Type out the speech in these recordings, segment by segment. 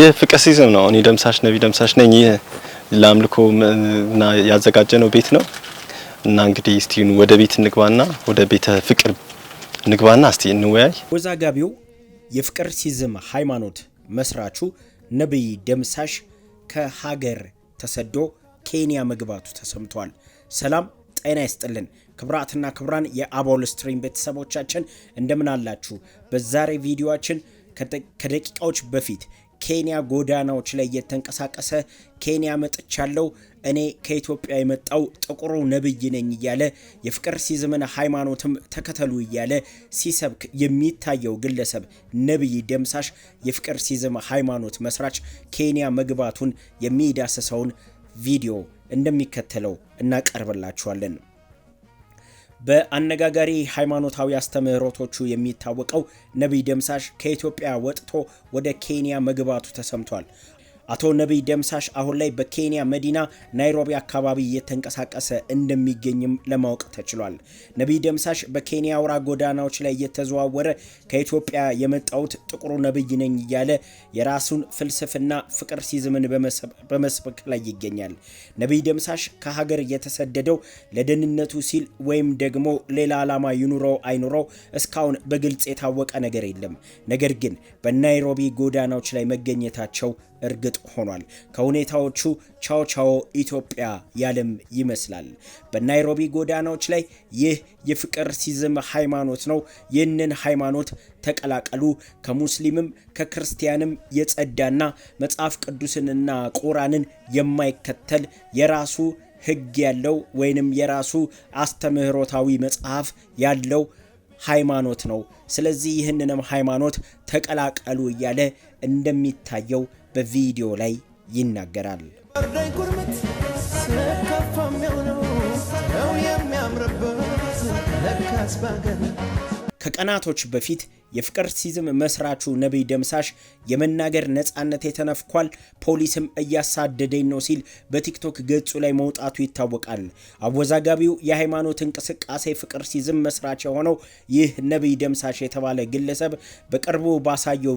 ይህ ፍቅር ሲዝም ነው። እኔ ደምሳሽ ነቢ ደምሳሽ ነኝ። ይህ ለአምልኮ እና ያዘጋጀ ነው ቤት ነው እና እንግዲህ እስቲ ወደ ቤት እንግባና ወደ ቤተ ፍቅር እንግባና እስቲ እንወያይ። ወዛጋቢው የፍቅር ሲዝም ሃይማኖት መስራቹ ነቢይ ደምሳሽ ከሀገር ተሰዶ ኬንያ መግባቱ ተሰምቷል። ሰላም ጤና ይስጥልን ክብራትና ክብራን የአቦል ስትሪም ቤተሰቦቻችን እንደምን አላችሁ? በዛሬ ቪዲዮአችን ከደቂቃዎች በፊት ኬንያ ጎዳናዎች ላይ እየተንቀሳቀሰ ኬንያ መጥቻለሁ እኔ ከኢትዮጵያ የመጣው ጥቁሩ ነብይ ነኝ እያለ የፍቅር ሲዝምን ሃይማኖትም ተከተሉ እያለ ሲሰብክ የሚታየው ግለሰብ ነብይ ደምሳሽ የፍቅር ሲዝም ሃይማኖት መስራች ኬንያ መግባቱን የሚዳስሰውን ቪዲዮ እንደሚከተለው እናቀርብላችኋለን። በአነጋጋሪ ሃይማኖታዊ አስተምህሮቶቹ የሚታወቀው ነቢይ ደምሳሽ ከኢትዮጵያ ወጥቶ ወደ ኬንያ መግባቱ ተሰምቷል። አቶ ነቢይ ደምሳሽ አሁን ላይ በኬንያ መዲና ናይሮቢ አካባቢ እየተንቀሳቀሰ እንደሚገኝም ለማወቅ ተችሏል። ነቢይ ደምሳሽ በኬንያ አውራ ጎዳናዎች ላይ እየተዘዋወረ ከኢትዮጵያ የመጣሁት ጥቁሩ ነቢይ ነኝ እያለ የራሱን ፍልስፍና ፍቅር ሲዝምን በመስበክ ላይ ይገኛል። ነቢይ ደምሳሽ ከሀገር የተሰደደው ለደህንነቱ ሲል ወይም ደግሞ ሌላ ዓላማ ይኑረው አይኑረው እስካሁን በግልጽ የታወቀ ነገር የለም። ነገር ግን በናይሮቢ ጎዳናዎች ላይ መገኘታቸው እርግጥ ሆኗል። ከሁኔታዎቹ ቻው ቻው ኢትዮጵያ ያለም ይመስላል። በናይሮቢ ጎዳናዎች ላይ ይህ የፍቅርሲዝም ሃይማኖት ነው። ይህንን ሃይማኖት ተቀላቀሉ። ከሙስሊምም ከክርስቲያንም የጸዳና መጽሐፍ ቅዱስንና ቁራንን የማይከተል የራሱ ህግ ያለው ወይንም የራሱ አስተምህሮታዊ መጽሐፍ ያለው ሃይማኖት ነው። ስለዚህ ይህንንም ሃይማኖት ተቀላቀሉ እያለ እንደሚታየው በቪዲዮ ላይ ይናገራል። ከቀናቶች በፊት የፍቅር ሲዝም መስራቹ ነቢይ ደምሳሽ የመናገር ነፃነቴ ተነፍኳል፣ ፖሊስም እያሳደደኝ ነው ሲል በቲክቶክ ገጹ ላይ መውጣቱ ይታወቃል። አወዛጋቢው የሃይማኖት እንቅስቃሴ ፍቅር ሲዝም መስራች የሆነው ይህ ነቢይ ደምሳሽ የተባለ ግለሰብ በቅርቡ ባሳየው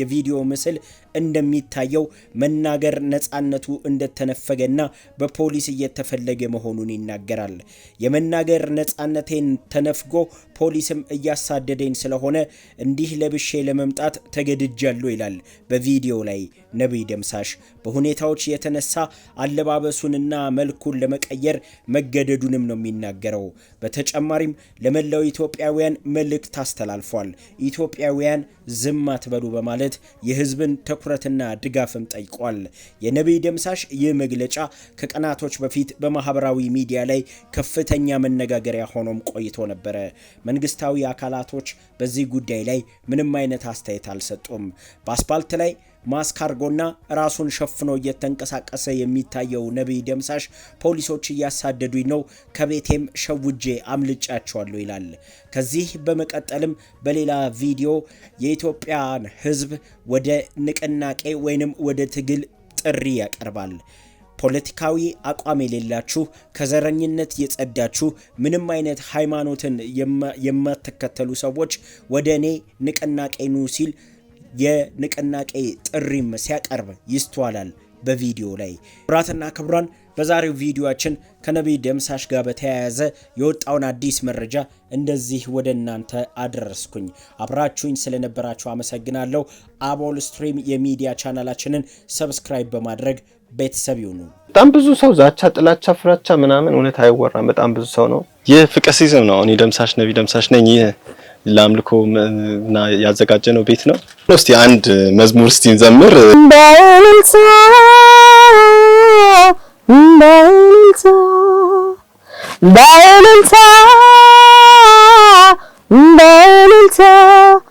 የቪዲዮ ምስል እንደሚታየው መናገር ነፃነቱ እንደተነፈገና በፖሊስ እየተፈለገ መሆኑን ይናገራል። የመናገር ነፃነቴን ተነፍጎ ፖሊስም እያሳደደኝ ስለሆነ እንዲህ ለብሼ ለመምጣት ተገድጃለሁ ይላል በቪዲዮ ላይ ነቢይ ደምሳሽ በሁኔታዎች የተነሳ አለባበሱንና መልኩን ለመቀየር መገደዱንም ነው የሚናገረው። በተጨማሪም ለመላው ኢትዮጵያውያን መልእክት አስተላልፏል። ኢትዮጵያውያን ዝም አትበሉ በማለት የህዝብን ትኩረትና ድጋፍም ጠይቋል። የነቢይ ደምሳሽ ይህ መግለጫ ከቀናቶች በፊት በማህበራዊ ሚዲያ ላይ ከፍተኛ መነጋገሪያ ሆኖም ቆይቶ ነበረ። መንግስታዊ አካላቶች በዚህ ጉዳይ ላይ ምንም አይነት አስተያየት አልሰጡም። በአስፓልት ላይ ማስካርጎና ራሱን ሸፍኖ እየተንቀሳቀሰ የሚታየው ነቢይ ደምሳሽ ፖሊሶች እያሳደዱኝ ነው፣ ከቤቴም ሸውጄ አምልጫቸዋለሁ ይላል። ከዚህ በመቀጠልም በሌላ ቪዲዮ የኢትዮጵያን ሕዝብ ወደ ንቅናቄ ወይንም ወደ ትግል ጥሪ ያቀርባል። ፖለቲካዊ አቋም የሌላችሁ ከዘረኝነት የጸዳችሁ ምንም አይነት ሃይማኖትን የማትከተሉ ሰዎች ወደ እኔ ንቅናቄ ኑ ሲል የንቅናቄ ጥሪም ሲያቀርብ ይስተዋላል በቪዲዮ ላይ። ክቡራትና ክቡራን በዛሬው ቪዲዮችን ከነቢይ ደምሳሽ ጋር በተያያዘ የወጣውን አዲስ መረጃ እንደዚህ ወደ እናንተ አደረስኩኝ። አብራችሁኝ ስለነበራችሁ አመሰግናለሁ። አቦል ስትሪም የሚዲያ ቻናላችንን ሰብስክራይብ በማድረግ ቤተሰብ ይሁኑ። በጣም ብዙ ሰው ዛቻ፣ ጥላቻ፣ ፍራቻ ምናምን እውነት አይወራም። በጣም ብዙ ሰው ነው ይህ ፍቅሲዝም ነው። እኔ ደምሳሽ ነቢይ ደምሳሽ ነኝ። ይህ ለአምልኮ ያዘጋጀ ነው ቤት ነው እስቲ አንድ መዝሙር እስቲ እንዘምር። በእልልታ በእልልታ በእልልታ